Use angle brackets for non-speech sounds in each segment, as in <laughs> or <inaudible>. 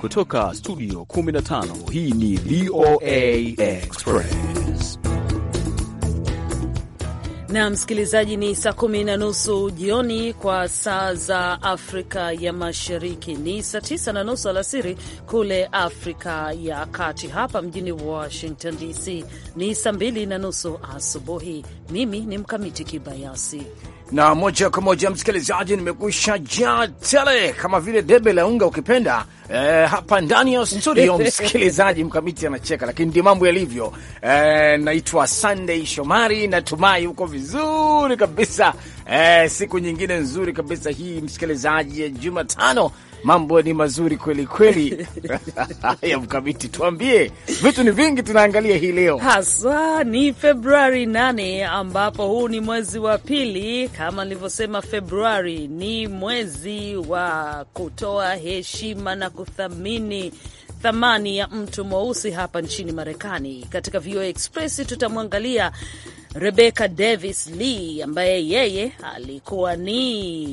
Kutoka studio 15 hii ni VOA Express na msikilizaji, ni saa kumi na nusu jioni kwa saa za Afrika ya Mashariki, ni saa tisa na nusu alasiri kule Afrika ya Kati. Hapa mjini Washington DC ni saa mbili na nusu asubuhi. Mimi ni Mkamiti Kibayasi na moja kwa moja msikilizaji, nimekusha ja tele kama vile debe la unga ukipenda, eh, hapa ndani ya studio <laughs> msikilizaji, mkamiti anacheka, lakini ndio mambo yalivyo. Eh, naitwa Sunday Shomari, natumai huko vizuri kabisa. Eh, siku nyingine nzuri kabisa hii msikilizaji, ya Jumatano Mambo ni mazuri kweli kweli. Haya, Mkamiti, tuambie, vitu ni vingi tunaangalia hii leo, haswa ni Februari 8 ambapo huu ni mwezi wa pili. Kama nilivyosema, Februari ni mwezi wa kutoa heshima na kuthamini thamani ya mtu mweusi hapa nchini Marekani. Katika VOA Express tutamwangalia Rebecca Davis Lee ambaye yeye alikuwa ni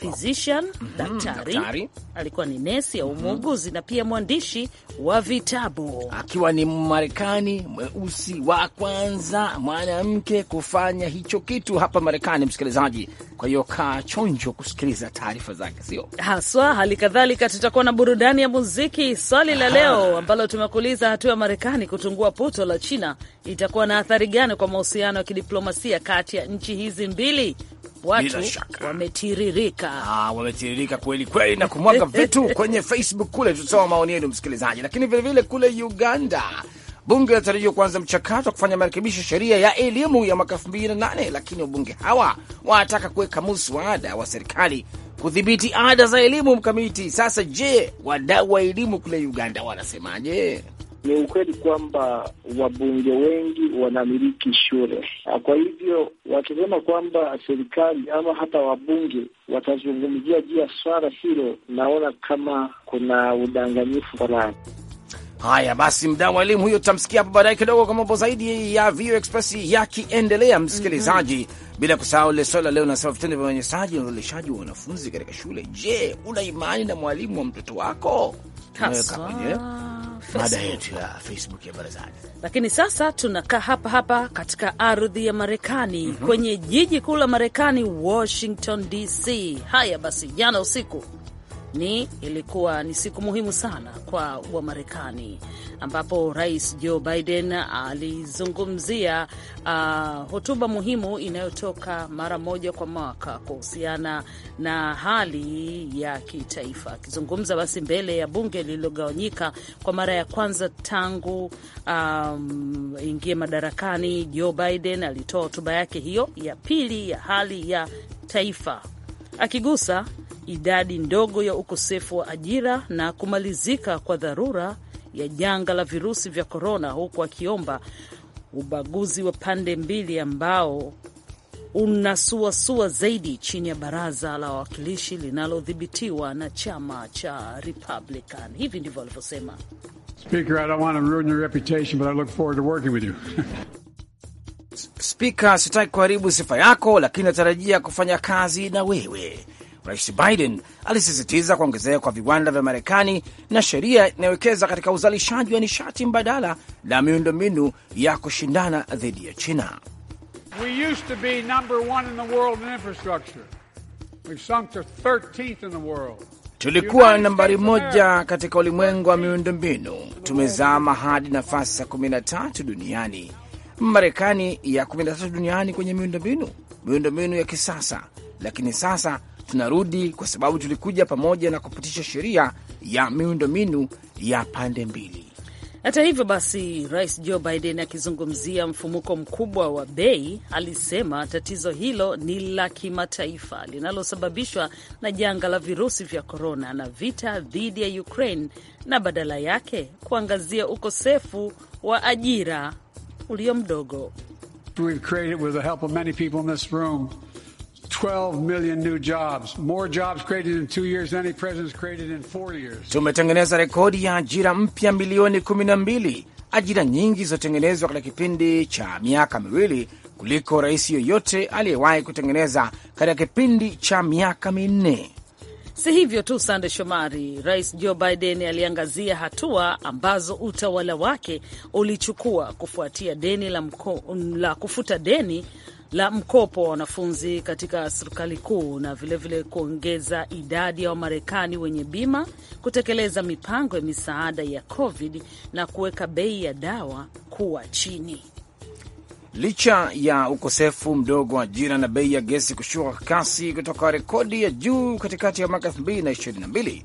physician mm -hmm. Daktari, daktari alikuwa ni nesi au mhm. muuguzi mm -hmm. na pia mwandishi wa vitabu akiwa ni Marekani mweusi wa kwanza mwanamke kufanya hicho kitu hapa Marekani, msikilizaji. Kwa hiyo kaa chonjo kusikiliza taarifa zake, sio haswa. Hali kadhalika tutakuwa na burudani ya muziki, swali la leo ambalo tumekuuliza, hatua ya Marekani kutungua puto la China itakuwa na athari gani kwa mahusiano ya kidiplomasia kati ya nchi hizi mbili? Watu wametiririka, ah, wametiririka kweli kweli na kumwaga <laughs> vitu kwenye Facebook kule. Tutasoma maoni yenu msikilizaji, lakini vilevile kule Uganda bunge linatarajiwa kuanza mchakato wa kufanya marekebisho sheria ya elimu ya mwaka nane lakini wabunge hawa wanataka kuweka muswada wa serikali kudhibiti ada za elimu mkamiti. Sasa je, wadau wa elimu kule Uganda wanasemaje? Ni ukweli kwamba wabunge wengi wanamiliki shule, ah, kwa hivyo wakisema kwamba serikali ama hata wabunge watazungumzia juu ya swala hilo, naona kama kuna udanganyifu fulani. Haya basi, mda mwalimu huyo tutamsikia hapo baadaye kidogo kwa mambo zaidi ya Vio Express yakiendelea, msikilizaji. mm -hmm. Bila kusahau lile swala leo nasema vitendo vya unyanyasaji na udhalilishaji wa wanafunzi katika shule. Je, una imani na mwalimu wa mtoto wako? mada yetu ya Facebook ya barazani. Lakini sasa tunakaa hapa hapa katika ardhi ya Marekani mm -hmm. kwenye jiji kuu la Marekani, Washington DC. Haya basi, jana usiku ni ilikuwa ni siku muhimu sana kwa Wamarekani ambapo Rais Joe Biden alizungumzia uh, hotuba muhimu inayotoka mara moja kwa mwaka kuhusiana na hali ya kitaifa. Akizungumza basi mbele ya bunge lililogawanyika kwa mara ya kwanza tangu um, ingie madarakani, Joe Biden alitoa hotuba yake hiyo ya pili ya hali ya taifa akigusa idadi ndogo ya ukosefu wa ajira na kumalizika kwa dharura ya janga la virusi vya korona, huku akiomba ubaguzi wa pande mbili ambao unasuasua zaidi chini ya baraza la wawakilishi linalodhibitiwa na chama cha Republican. Hivi ndivyo alivyosema. Speaker, I don't want to ruin your reputation, but I look forward to working with you. <laughs> Spika, sitaki kuharibu sifa yako, lakini natarajia kufanya kazi na wewe. Rais Biden alisisitiza kuongezeka kwa viwanda vya Marekani na sheria inayowekeza katika uzalishaji wa nishati mbadala na miundombinu ya kushindana dhidi ya China. Tulikuwa nambari moja katika ulimwengu wa miundombinu, tumezama hadi nafasi ya 13 duniani. Marekani ya 13 duniani kwenye miundombinu miundombinu ya kisasa, lakini sasa tunarudi kwa sababu tulikuja pamoja na kupitisha sheria ya miundombinu ya pande mbili. Hata hivyo basi, Rais Joe Biden akizungumzia mfumuko mkubwa wa bei alisema tatizo hilo ni la kimataifa linalosababishwa na janga la virusi vya korona na vita dhidi ya Ukraine, na badala yake kuangazia ukosefu wa ajira ulio mdogo. We've created with the help of many people in this room 12 million new jobs. More jobs created in two years than any president has created in four years. Tumetengeneza rekodi ya ajira mpya milioni 12. Ajira nyingi zilizotengenezwa katika kipindi cha miaka miwili kuliko rais yoyote aliyewahi kutengeneza katika kipindi cha miaka minne. Si hivyo tu, Sande Shomari, Rais Joe Biden aliangazia hatua ambazo utawala wake ulichukua kufuatia deni la, mko, la kufuta deni la mkopo wa wanafunzi katika serikali kuu na vilevile vile kuongeza idadi ya Wamarekani wenye bima, kutekeleza mipango ya misaada ya COVID na kuweka bei ya dawa kuwa chini. Licha ya ukosefu mdogo wa ajira na bei ya gesi kushuka kasi kutoka rekodi ya juu katikati ya mwaka 2022,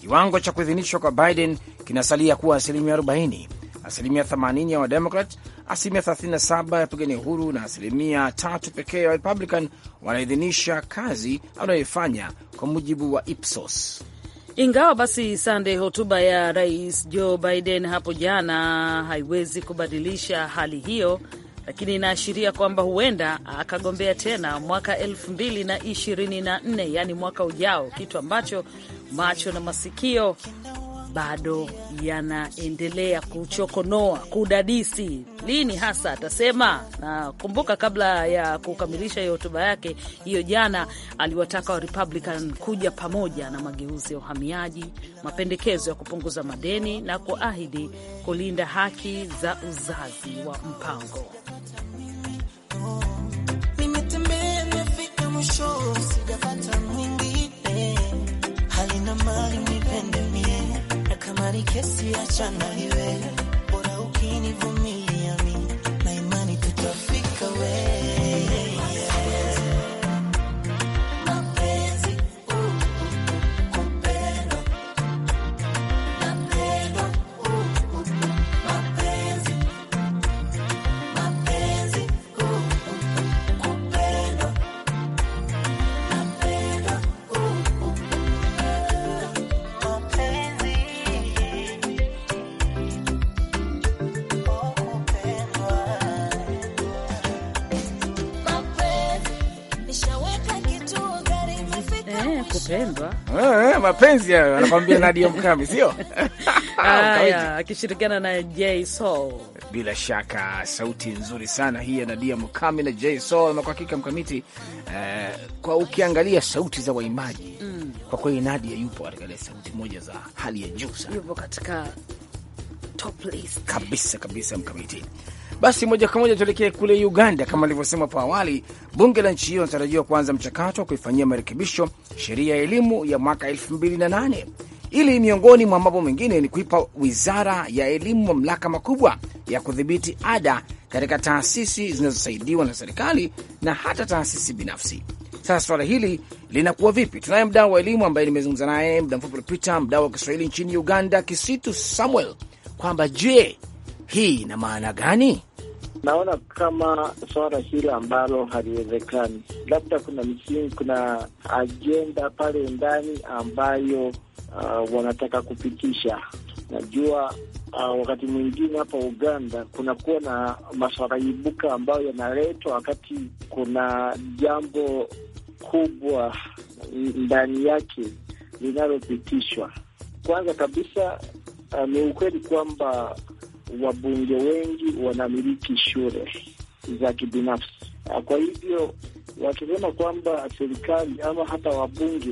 kiwango cha kuidhinishwa kwa Biden kinasalia kuwa asilimia 40, asilimia 80 ya Wademokrat, asilimia 37 ya wapigania uhuru na asilimia tatu pekee ya Warepublican wanaidhinisha kazi anayoifanya kwa mujibu wa Ipsos. Ingawa basi sande, hotuba ya Rais Joe Biden hapo jana haiwezi kubadilisha hali hiyo lakini inaashiria kwamba huenda akagombea tena mwaka na 2024 yaani mwaka ujao, kitu ambacho macho na masikio bado yanaendelea kuchokonoa, kudadisi lini hasa atasema. Na kumbuka, kabla ya kukamilisha hiyo hotuba yake hiyo jana, aliwataka wa Republican kuja pamoja na mageuzi ya uhamiaji, mapendekezo ya kupunguza madeni na kuahidi kulinda haki za uzazi wa mpango. kesi achana iwe bora ukinivumilia mapenzi hayo, anakwambia Nadia Mkami, sio <laughs> akishirikiana na J Soul. Bila shaka sauti nzuri sana hii ya Nadia Mkami na jso Soul, na kwa hakika mkamiti uh, kwa ukiangalia sauti za waimbaji mm. kwa kweli Nadia yupo katika sauti moja za hali ya juu sana, yupo katika top list kabisa kabisa mkamiti basi moja kwa moja tuelekee kule Uganda. Kama alivyosema hapo awali, bunge la nchi hiyo linatarajiwa kuanza mchakato wa kuifanyia marekebisho sheria ya elimu ya mwaka e28 ili miongoni mwa mambo mengine ni kuipa wizara ya elimu mamlaka makubwa ya kudhibiti ada katika taasisi zinazosaidiwa na serikali na hata taasisi binafsi. Sasa swala hili linakuwa vipi? Tunaye mdau wa elimu ambaye nimezungumza naye muda mfupi uliopita, mdau wa Kiswahili nchini Uganda, Kisitu Samuel, kwamba je, hii ina maana gani? Naona kama swala hili ambalo haliwezekani, labda kuna msingi, kuna ajenda pale ndani ambayo uh, wanataka kupitisha. Najua uh, wakati mwingine hapa Uganda kunakuwa na maswala ibuka ambayo yanaletwa wakati kuna jambo kubwa ndani yake linalopitishwa. Kwanza kabisa uh, ni ukweli kwamba wabunge wengi wanamiliki shule za kibinafsi. Kwa hivyo wakisema kwamba serikali ama hata wabunge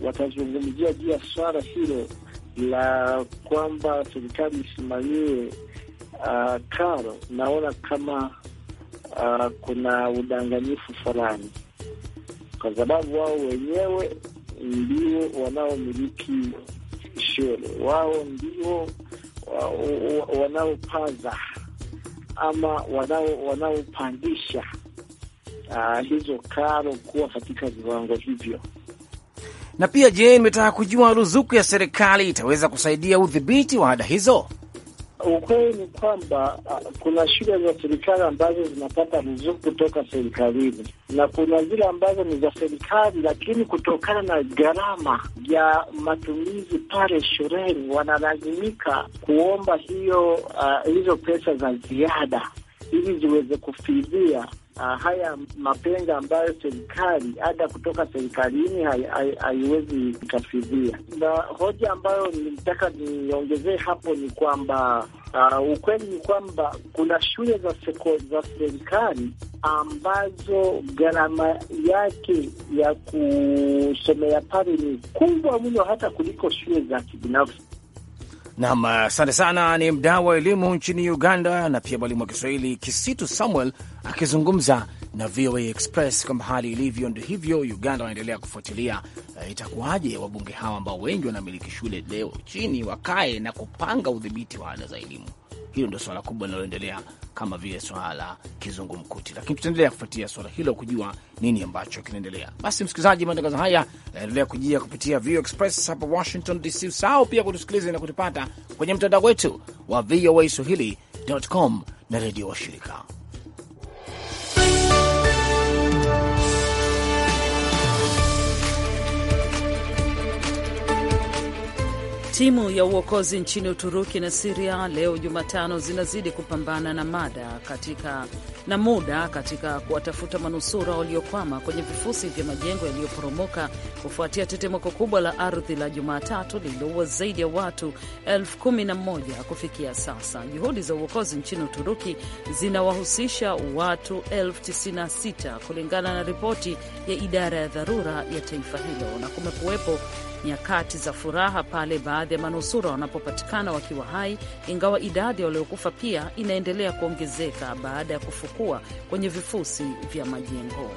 watazungumzia juu ya swala hilo la kwamba serikali isimamie uh, karo, naona kama uh, kuna udanganyifu fulani, kwa sababu wao wenyewe ndio wanaomiliki shule, wao ndio Uh, wanaopaza ama wanaopandisha uh, hizo karo kuwa katika viwango hivyo. Na pia je, nimetaka kujua ruzuku ya serikali itaweza kusaidia udhibiti wa ada hizo? Ukweli ni kwamba uh, kuna shule za serikali ambazo zinapata ruzuku kutoka serikalini na kuna zile ambazo ni za serikali, lakini kutokana na gharama ya matumizi pale shuleni wanalazimika kuomba hiyo uh, hizo pesa za ziada ili ziweze kufidhia uh, haya mapenga ambayo serikali ada kutoka serikalini haiwezi kutafidhia. Na hoja ambayo nilitaka niongezee hapo ni kwamba uh, ukweli ni kwamba kuna shule za seko, za serikali ambazo gharama yake ya kusomea pale ni kubwa mno hata kuliko shule za kibinafsi. Nam, asante sana. Ni mdau wa elimu nchini Uganda na pia mwalimu wa Kiswahili Kisitu Samuel akizungumza na VOA Express kwamba hali ilivyo ndo hivyo. Uganda wanaendelea kufuatilia uh, itakuwaje wabunge hawa ambao wengi wanamiliki shule leo chini wakae na kupanga udhibiti wa ada za elimu. Hilo ndio swala kubwa linaloendelea kama vile swala la kizungumkuti, lakini tutaendelea kufuatia swala hilo kujua nini ambacho kinaendelea. Basi msikilizaji, matangazo haya yanaendelea kujia kupitia VOA Express hapa Washington DC. Usahau pia kutusikiliza na kutupata kwenye mtandao wetu wa VOA swahili.com na redio washirika Timu ya uokozi nchini Uturuki na Siria leo Jumatano zinazidi kupambana na mada katika, na muda katika kuwatafuta manusura waliokwama kwenye vifusi vya majengo yaliyoporomoka kufuatia tetemeko kubwa la ardhi la Jumatatu lililoua zaidi ya watu elfu kumi na moja kufikia sasa. Juhudi za uokozi nchini Uturuki zinawahusisha watu elfu tisini na sita kulingana na ripoti ya idara ya dharura ya taifa hilo, na kumekuwepo nyakati za furaha pale baada baadhi ya manusura wanapopatikana wakiwa hai, ingawa idadi ya waliokufa pia inaendelea kuongezeka baada ya kufukua kwenye vifusi vya majengo.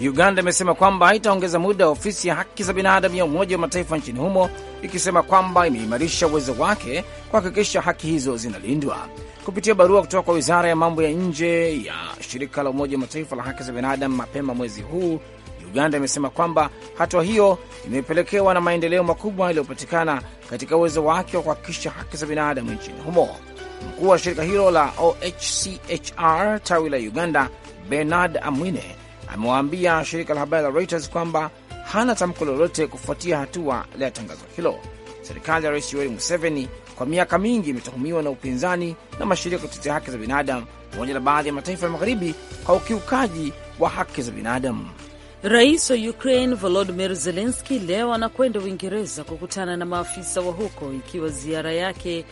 Uganda imesema kwamba haitaongeza muda wa ofisi ya haki za binadamu ya Umoja wa Mataifa nchini humo, ikisema kwamba imeimarisha uwezo wake kuhakikisha haki hizo zinalindwa. Kupitia barua kutoka kwa wizara ya mambo ya nje ya shirika la Umoja wa Mataifa la haki za binadamu mapema mwezi huu, Uganda imesema kwamba hatua hiyo imepelekewa na maendeleo makubwa yaliyopatikana katika uwezo wake wa kuhakikisha haki za binadamu nchini humo. Mkuu wa shirika hilo la OHCHR tawi la Uganda, Bernard Amwine, amewaambia shirika la habari la Reuters kwamba hana tamko lolote kufuatia hatua la tangazo hilo. Serikali ya Rais Yoweri Museveni kwa miaka mingi imetuhumiwa na upinzani na mashirika ya kutetea haki za binadamu pamoja na baadhi ya mataifa ya magharibi kwa ukiukaji wa haki za binadamu. Rais wa Ukraine volodimir zelenski leo anakwenda Uingereza kukutana na maafisa wa huko, ikiwa ziara yake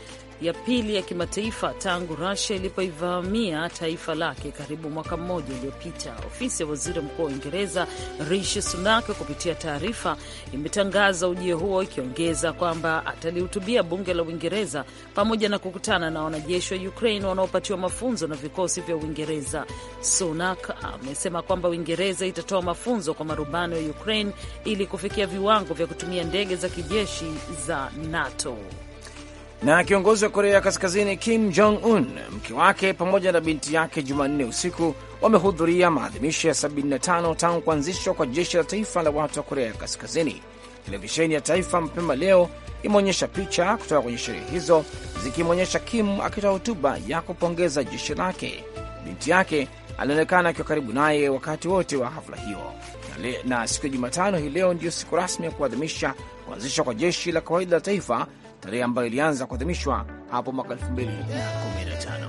ya pili ya kimataifa tangu rasia ilipoivamia taifa lake karibu mwaka mmoja iliyopita. Ofisi ya waziri mkuu wa Uingereza Rishi Sunak kupitia taarifa imetangaza ujio huo, ikiongeza kwamba atalihutubia bunge la Uingereza pamoja na kukutana na wanajeshi wa Ukraine wanaopatiwa mafunzo na vikosi vya Uingereza. Sunak amesema kwamba Uingereza itatoa mafunzo kwa marubani wa Ukraine ili kufikia viwango vya kutumia ndege za kijeshi za NATO. Na kiongozi wa Korea Kaskazini Kim Jong Un, mke wake pamoja na binti yake Jumanne usiku wamehudhuria maadhimisho ya 75 tangu kuanzishwa kwa jeshi la taifa la watu wa Korea Kaskazini. Televisheni ya taifa mapema leo imeonyesha picha kutoka kwenye sherehe hizo zikimwonyesha Kim akitoa hotuba ya kupongeza jeshi lake. Binti yake alionekana akiwa karibu naye wakati wote wa hafla hiyo. Na siku ya Jumatano hii leo ndiyo siku rasmi ya kuadhimisha kuanzishwa kwa jeshi la kawaida la taifa tarehe ambayo ilianza kuadhimishwa hapo mwaka 2015.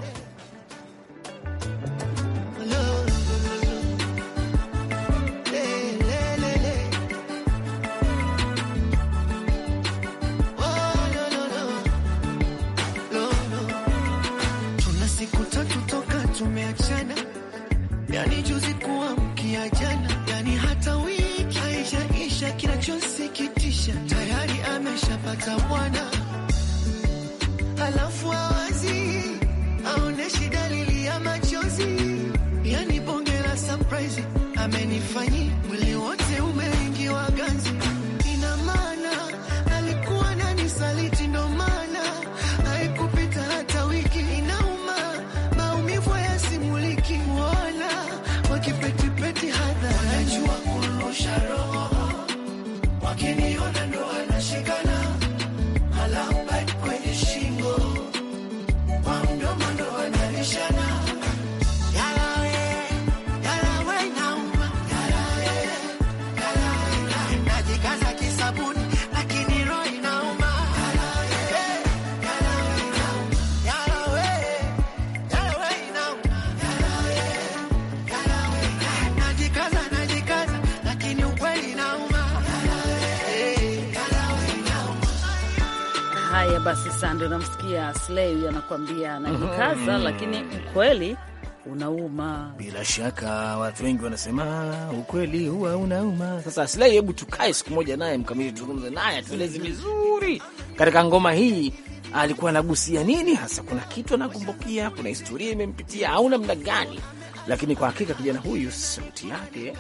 anakuambia slay, anakuambia mm-hmm. anajikaza mm -hmm. Lakini ukweli unauma. Bila shaka watu wengi wanasema ukweli huwa unauma. Sasa Slay, hebu tukae siku moja naye mkamili, tuzungumze naye atueleze vizuri katika ngoma hii alikuwa anagusia nini hasa. Kuna kitu anakumbukia, kuna historia imempitia au namna gani? Lakini kwa hakika kijana huyu, sauti yake,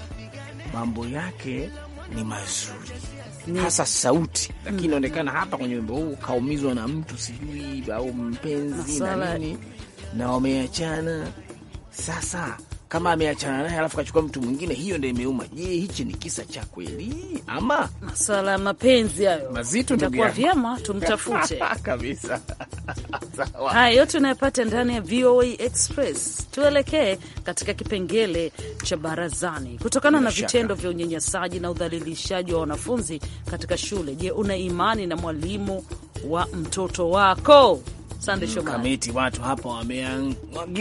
mambo yake ni mazuri. Mm. hasa sauti, lakini mm. inaonekana mm. hapa kwenye wimbo huu kaumizwa na mtu sijui au mpenzi na nini, na wameachana sasa kama ameachana naye alafu kachukua mtu mwingine, hiyo ndio imeuma. Je, hichi ni kisa cha kweli ama masala ya mapenzi hayo mazito? Ndio vyema tumtafute <laughs> kabisa. <laughs> haya yote unayopata ndani ya VOA Express. Tuelekee katika kipengele cha barazani. Kutokana na vitendo vya unyanyasaji na udhalilishaji wa wanafunzi katika shule, je, una imani na mwalimu wa mtoto wako? Sande Shomari kamiti, watu hapa wameangi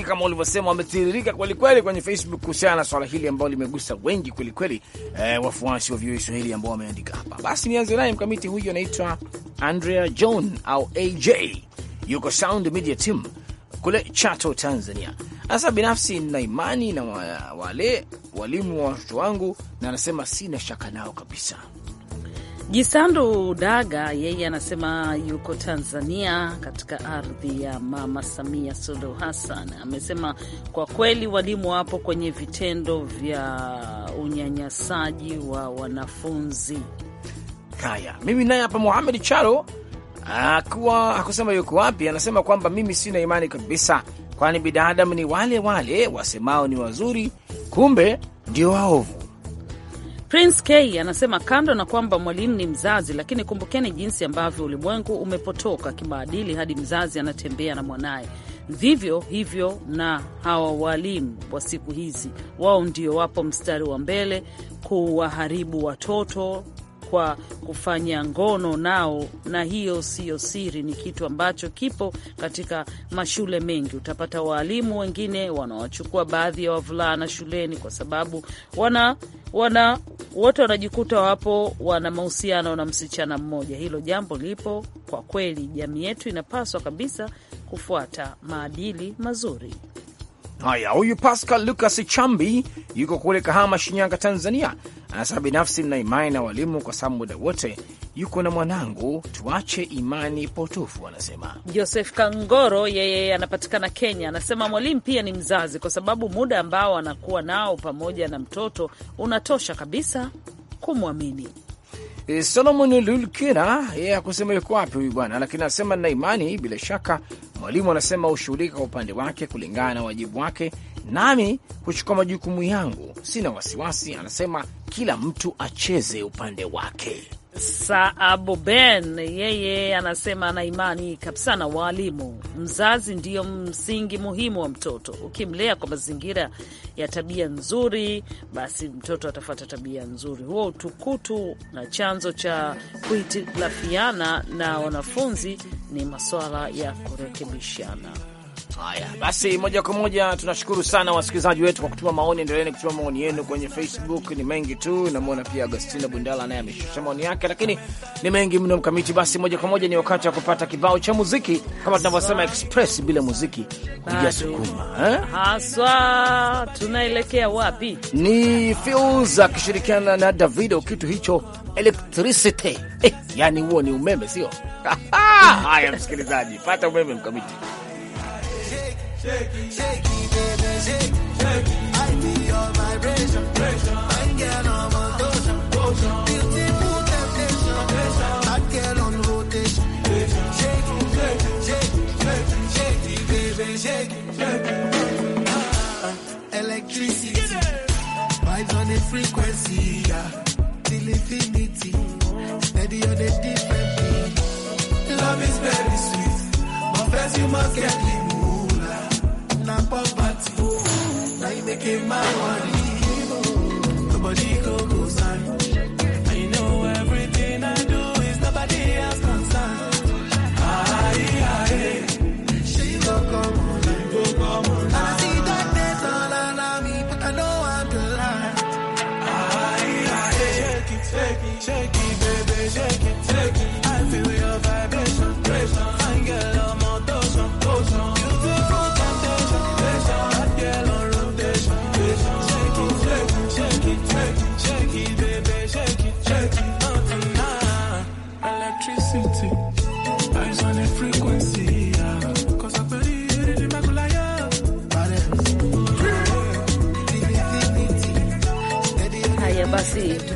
kama ulivyosema, wametiririka kwelikweli kwenye Facebook kuhusiana na swala hili ambalo limegusa wengi kwelikweli, eh, wafuasi wa VOA Swahili ambao wameandika hapa. Basi nianze naye mkamiti huyu, anaitwa Andrea John au AJ, yuko Sound Media Team kule Chato, Tanzania. Sasa binafsi nina imani na wale walimu wa watoto wangu, na anasema sina shaka nao kabisa. Jisandu Daga yeye anasema yuko Tanzania, katika ardhi ya Mama Samia Suluhu Hassan. Amesema kwa kweli walimu wapo kwenye vitendo vya unyanyasaji wa wanafunzi. Haya, mimi naye hapa Muhamed Charo akuwa akusema yuko wapi, anasema kwamba mimi sina imani kabisa, kwani binadamu ni wale wale wasemao ni wazuri, kumbe ndio waovu. Prince K anasema kando na kwamba mwalimu ni mzazi, lakini kumbukeni jinsi ambavyo ulimwengu umepotoka kimaadili hadi mzazi anatembea na mwanaye. Vivyo hivyo na hawa walimu wa siku hizi, wao ndio wapo mstari wa mbele kuwaharibu watoto kwa kufanya ngono nao, na hiyo siyo siri, ni kitu ambacho kipo katika mashule mengi. Utapata waalimu wengine wanawachukua baadhi ya wavulana shuleni kwa sababu wana wana wote wanajikuta wapo wana mahusiano na msichana mmoja. Hilo jambo lipo kwa kweli, jamii yetu inapaswa kabisa kufuata maadili mazuri. Haya, huyu Pascal Lucas Chambi yuko kule Kahama, Shinyanga, Tanzania, anasema binafsi mna imani na walimu kwa sababu muda wote yuko na mwanangu, tuache imani potofu. Anasema Joseph Kangoro, yeye anapatikana Kenya, anasema mwalimu pia ni mzazi, kwa sababu muda ambao anakuwa nao pamoja na mtoto unatosha kabisa kumwamini. Eh, Solomon Lulkina yeye hakusema yuko wapi huyu bwana, lakini anasema nina imani bila shaka Mwalimu anasema hushughulika kwa upande wake kulingana na wajibu wake, nami huchukua majukumu yangu, sina wasiwasi. Anasema kila mtu acheze upande wake ben yeye anasema ana imani kabisa na waalimu. Mzazi ndiyo msingi muhimu wa mtoto. Ukimlea kwa mazingira ya tabia nzuri, basi mtoto atafata tabia nzuri. Huo utukutu na chanzo cha kuhitilafiana na wanafunzi ni masuala ya kurekebishana. Haya basi, moja kwa moja tunashukuru sana wasikilizaji wetu kwa kutuma maoni. Endeleeni kutuma maoni yenu kwenye Facebook, ni mengi tu. Namwona pia Agostina Bundala naye ameshusha maoni yake, lakini ni mengi mno mkamiti. Basi moja kwa moja ni wakati wa kupata kibao cha muziki, kama tunavyosema express, bila muziki hujasukuma eh? Haswa tunaelekea wapi? Ni Fuse akishirikiana na Davido, kitu hicho electricity eh, yani huo ni umeme, sio? <laughs> Haya msikilizaji, pata umeme mkamiti shaky, shaky, baby, shake. shaky. I feel your vibration, vibration. I get on my motion, motion. Beautiful temptation, temptation. I get on rotation, rotation. Shaky, shaky, shaky, shaky, baby, shaky, shaky. electricity, vibes on the frequency, yeah. Till infinity, steady on the different beat. Love is very sweet, but first you must get it poverty. Now you make it my worry.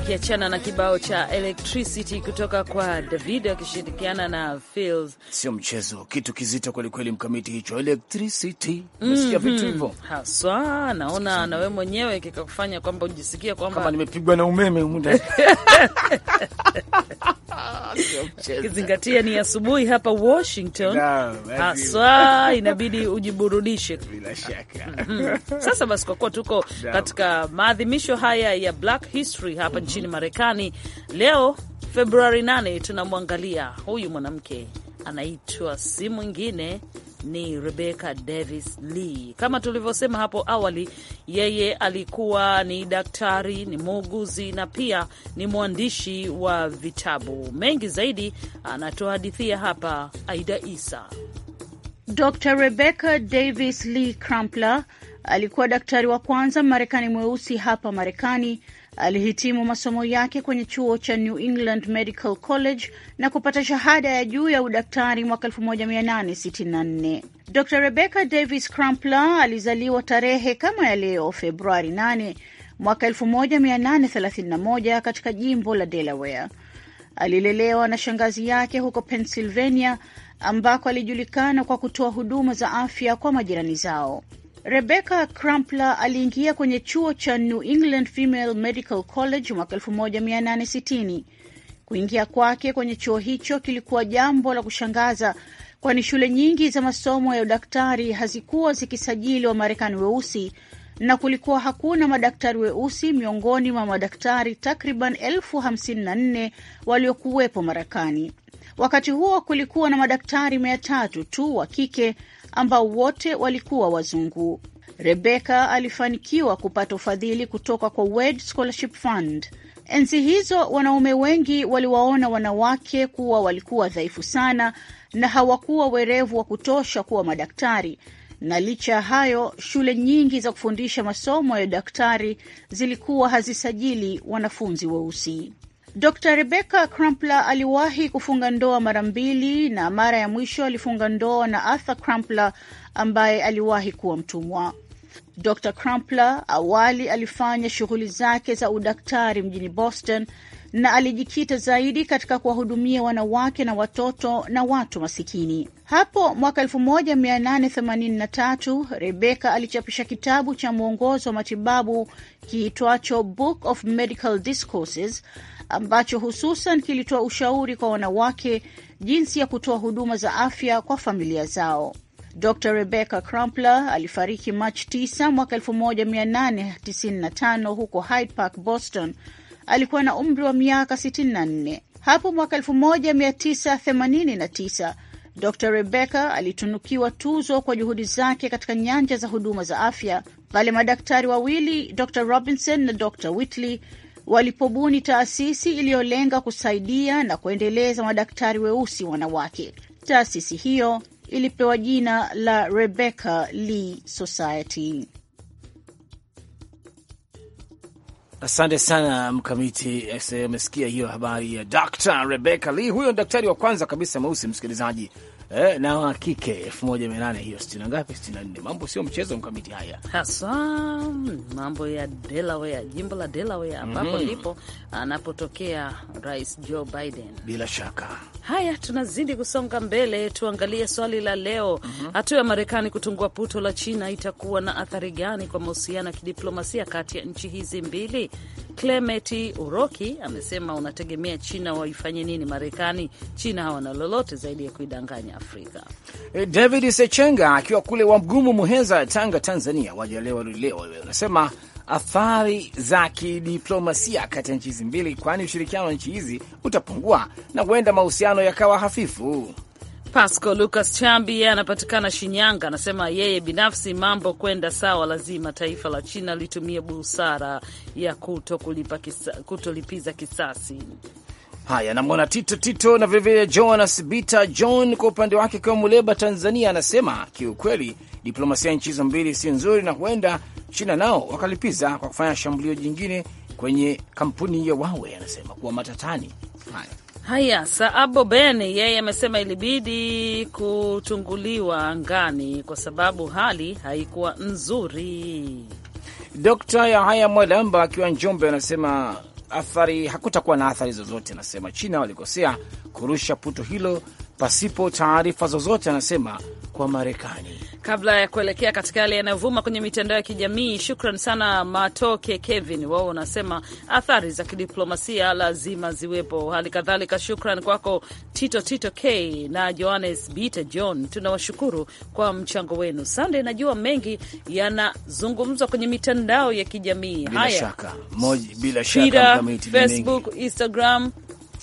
wakiachana na kibao cha electricity kutoka kwa David akishirikiana na Fils. sio mchezo, kitu kizito kwelikweli. Mkamiti hicho electricity, nasikia mhm. vitu hivyo haswa. Naona na wewe mwenyewe kikakufanya kwamba ujisikia kwamba kama nimepigwa na umeme muda <laughs> kizingatia ni asubuhi hapa Washington haswa, inabidi ujiburudishe bila shaka. Mhm. Sasa basi, kwa kuwa tuko katika maadhimisho haya ya Black History hapa mhm. nchini nchini Marekani. Leo Februari 8 tunamwangalia huyu mwanamke, anaitwa si mwingine ni Rebecca Davis Lee. Kama tulivyosema hapo awali, yeye alikuwa ni daktari, ni muuguzi na pia ni mwandishi wa vitabu. Mengi zaidi anatuhadithia hapa Aida Isa. Dr. Rebecca Davis Lee Crumpler alikuwa daktari wa kwanza Marekani mweusi hapa Marekani Alihitimu masomo yake kwenye chuo cha New England Medical College na kupata shahada ya juu ya udaktari mwaka 1864. Dr Rebecca Davis Crumpler alizaliwa tarehe kama ya leo Februari 8 mwaka 1831 katika jimbo la Delaware. Alilelewa na shangazi yake huko Pennsylvania ambako alijulikana kwa kutoa huduma za afya kwa majirani zao. Rebecca Crumpler aliingia kwenye chuo cha New England Female Medical College mwaka 1860. Kuingia kwake kwenye chuo hicho kilikuwa jambo la kushangaza, kwani shule nyingi za masomo ya udaktari hazikuwa zikisajili Wamarekani weusi na kulikuwa hakuna madaktari weusi miongoni mwa madaktari takriban elfu hamsini na nne waliokuwepo Marekani. Wakati huo kulikuwa na madaktari mia tatu tu wa kike ambao wote walikuwa wazungu. Rebeka alifanikiwa kupata ufadhili kutoka kwa Wed Scholarship Fund. Enzi hizo wanaume wengi waliwaona wanawake kuwa walikuwa dhaifu sana na hawakuwa werevu wa kutosha kuwa madaktari, na licha ya hayo, shule nyingi za kufundisha masomo ya udaktari zilikuwa hazisajili wanafunzi weusi. Dr Rebecca Crampler aliwahi kufunga ndoa mara mbili na mara ya mwisho alifunga ndoa na Arthur Crampler ambaye aliwahi kuwa mtumwa. Dr Crampler awali alifanya shughuli zake za udaktari mjini Boston na alijikita zaidi katika kuwahudumia wanawake na watoto na watu masikini. Hapo mwaka 1883 Rebecca alichapisha kitabu cha mwongozo wa matibabu kiitwacho Book of Medical Discourses ambacho hususan kilitoa ushauri kwa wanawake jinsi ya kutoa huduma za afya kwa familia zao. Dr Rebecca Crumpler alifariki Machi 9 mwaka 1895 huko Hyde Park, Boston. Alikuwa na umri wa miaka 64. Hapo mwaka 1989 Dr Rebecca alitunukiwa tuzo kwa juhudi zake katika nyanja za huduma za afya pale madaktari wawili Dr Robinson na Dr Whitley walipobuni taasisi iliyolenga kusaidia na kuendeleza madaktari weusi wanawake. Taasisi hiyo ilipewa jina la Rebecca Lee Society. Asante sana Mkamiti. Umesikia hiyo habari ya Dr Rebecca Lee. Huyo ni daktari wa kwanza kabisa mweusi, msikilizaji, eh, na wa kike elfu moja mia nane hiyo sitini ngapi? sitini na nne. Mambo sio mchezo, mkamiti haya hasa mm, mambo ya Delaware, jimbo la Delaware ambapo mm -hmm. ndipo anapotokea Rais Joe Biden. Bila shaka haya, tunazidi kusonga mbele, tuangalie swali la leo. mm -hmm. ya Marekani kutungua puto la China itakuwa na athari gani kwa mahusiano ya kidiplomasia kati ya nchi hizi mbili? Clement Uroki amesema unategemea China waifanye nini Marekani? China hawana lolote zaidi ya kuidanganya Afrika. Eh, David Sechenga akiwa kule Wamgumu, Muheza, Tanga, Tanzania, wajalewa leo anasema athari za kidiplomasia kati ya nchi hizi mbili, kwani ushirikiano wa nchi hizi utapungua na huenda mahusiano yakawa hafifu. Pasco Lucas Chambi yeye anapatikana Shinyanga, anasema yeye binafsi mambo kwenda sawa, lazima taifa la China litumie busara ya kutolipiza kisa, kutolipiza kisasi. Haya, namwona Tito Tito na vilevile Jonas Bita John kwa upande wake akiwa Muleba, Tanzania, anasema kiukweli diplomasia ya nchi hizo mbili si nzuri, na huenda China nao wakalipiza kwa kufanya shambulio jingine kwenye kampuni ya Wawe. Anasema kuwa matatani haya Haya, Saabo Ben yeye amesema ilibidi kutunguliwa angani kwa sababu hali haikuwa nzuri. Dokta Yahaya Mwalamba akiwa Njombe anasema athari, hakutakuwa na athari zozote. Anasema China walikosea kurusha puto hilo pasipo taarifa zozote, anasema kwa Marekani. Kabla ya kuelekea katika yale yanayovuma kwenye mitandao ya kijamii, shukran sana Matoke Kevin, wao unasema athari za kidiplomasia lazima ziwepo. Hali kadhalika shukran kwako Tito Tito K na Johannes Bite John, tunawashukuru kwa mchango wenu. Sande, najua mengi yanazungumzwa kwenye mitandao ya kijamii. Haya, bila shaka, Twitter, Facebook, Instagram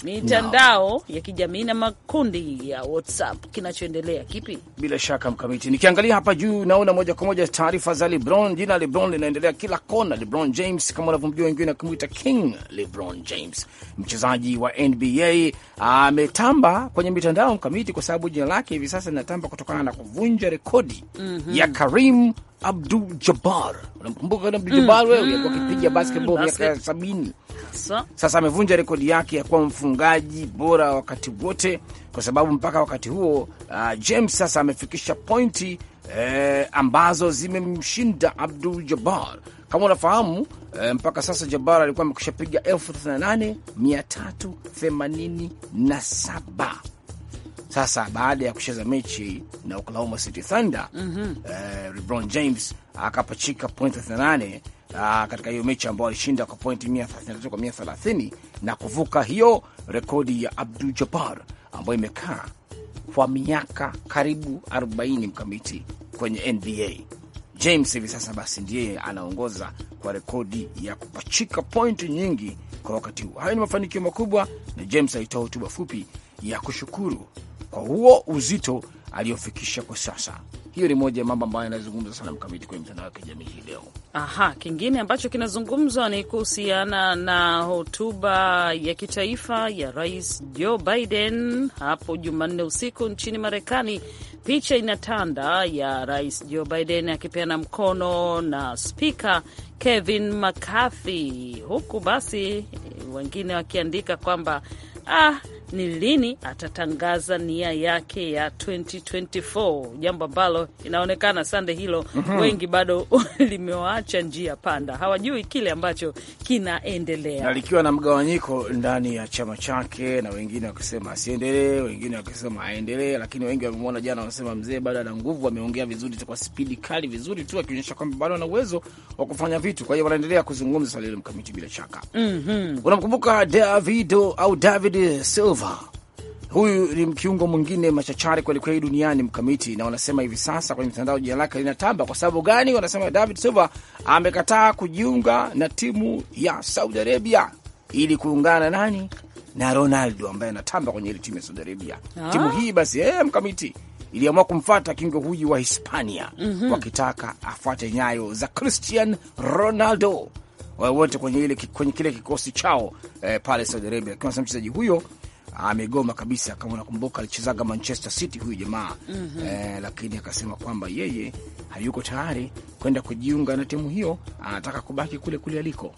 mitandao no. ya kijamii na makundi ya WhatsApp. Kinachoendelea kipi? Bila shaka mkamiti, nikiangalia hapa juu naona moja kwa moja taarifa za LeBron. Jina LeBron linaendelea kila kona. LeBron James kama unavyomjua wengine wakimwita King LeBron James, mchezaji wa NBA ametamba kwenye mitandao mkamiti, kwa sababu jina lake hivi sasa linatamba kutokana na kuvunja rekodi mm -hmm. ya Karim Abdul Jabbar. Unamkumbuka Abdul Jabbar? mm -hmm. wewe akipiga mm. basketball miaka sabini sasa, sasa amevunja rekodi yake ya kuwa mfungaji bora wakati wote, kwa sababu mpaka wakati huo uh, James sasa amefikisha pointi eh, ambazo zimemshinda Abdul Jabbar. Kama unafahamu eh, mpaka sasa Jabbar alikuwa amekisha piga 38387 sasa baada ya kucheza mechi na Oklahoma City Thunder mm -hmm. eh, LeBron James akapachika point 38 aa, ah, katika hiyo mechi ambayo alishinda kwa pointi 133 kwa 130 na kuvuka hiyo rekodi ya Abdul Jabbar ambayo imekaa kwa miaka karibu 40 mkamiti kwenye NBA. James hivi sasa basi ndiye anaongoza kwa rekodi ya kupachika pointi nyingi kwa wakati huu. Hayo ni mafanikio makubwa, na James alitoa hotuba fupi ya kushukuru kwa huo uzito aliyofikisha kwa sasa. Hiyo ni moja ya mambo ambayo yanazungumza sana mkamiti kwenye mitandao ya kijamii hii leo. Aha, kingine ambacho kinazungumzwa ni kuhusiana na hotuba ya kitaifa ya Rais Joe Biden hapo Jumanne usiku nchini Marekani. Picha inatanda ya Rais Joe Biden akipeana mkono na spika Kevin McCarthy, huku basi wengine wakiandika kwamba ah, ni lini atatangaza nia yake ya 2024, jambo ambalo inaonekana sande hilo mm -hmm. wengi bado <laughs> limewaacha njia panda, hawajui kile ambacho kinaendelea, na likiwa na mgawanyiko ndani ya chama chake, na wengine wakisema asiendelee, wengine wakisema aendelee, lakini wengi wamemwona jana, wanasema mzee bado ana nguvu, ameongea vizuri kwa spidi kali, vizuri tu, akionyesha kwamba bado ana uwezo wa kufanya vitu. Kwa hiyo wanaendelea kuzungumza swali hilo, mkamiti, bila shaka mm -hmm. unamkumbuka Davido au David Silva Silva. Huyu ni mkiungo mwingine machachari kwelikweli duniani mkamiti, na wanasema hivi sasa kwenye mitandao jina lake linatamba. Kwa sababu gani? Wanasema David Silva amekataa kujiunga na timu ya Saudi Arabia ili kuungana nani na Ronaldo ambaye anatamba kwenye ile timu ya Saudi Arabia. Aa. Ah. Timu hii basi ee, mkamiti iliamua kumfuata kiungo huyu wa Hispania mm -hmm. wakitaka afuate nyayo za Cristiano Ronaldo wote kwenye, kwenye kile kikosi chao eh, pale Saudi Arabia, akiwa mchezaji huyo amegoma kabisa. Kama unakumbuka, alichezaga Manchester City huyu jamaa mm -hmm. Eh, lakini akasema kwamba yeye hayuko tayari kwenda kujiunga na timu hiyo, anataka kubaki kule kule aliko.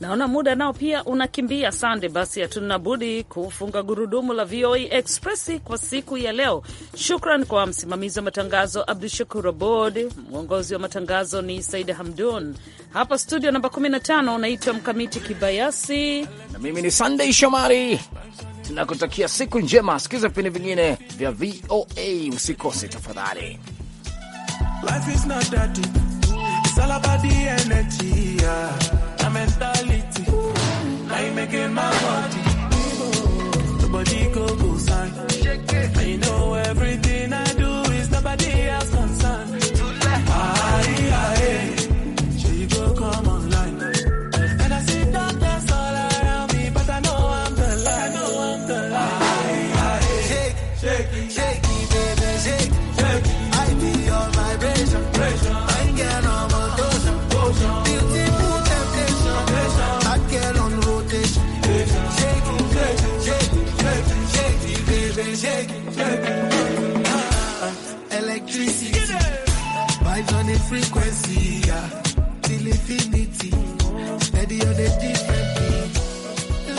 Naona muda nao pia unakimbia, Sande. Basi hatuna budi kufunga gurudumu la VOA Express kwa siku ya leo. Shukran kwa msimamizi wa matangazo Abdu Shakur Abod, mwongozi wa matangazo ni said Hamdun. Hapa studio namba 15 unaitwa Mkamiti Kibayasi na mimi ni Sandey Shomari tunakutakia siku njema. Sikiza vipindi vingine vya VOA, usikose tafadhali.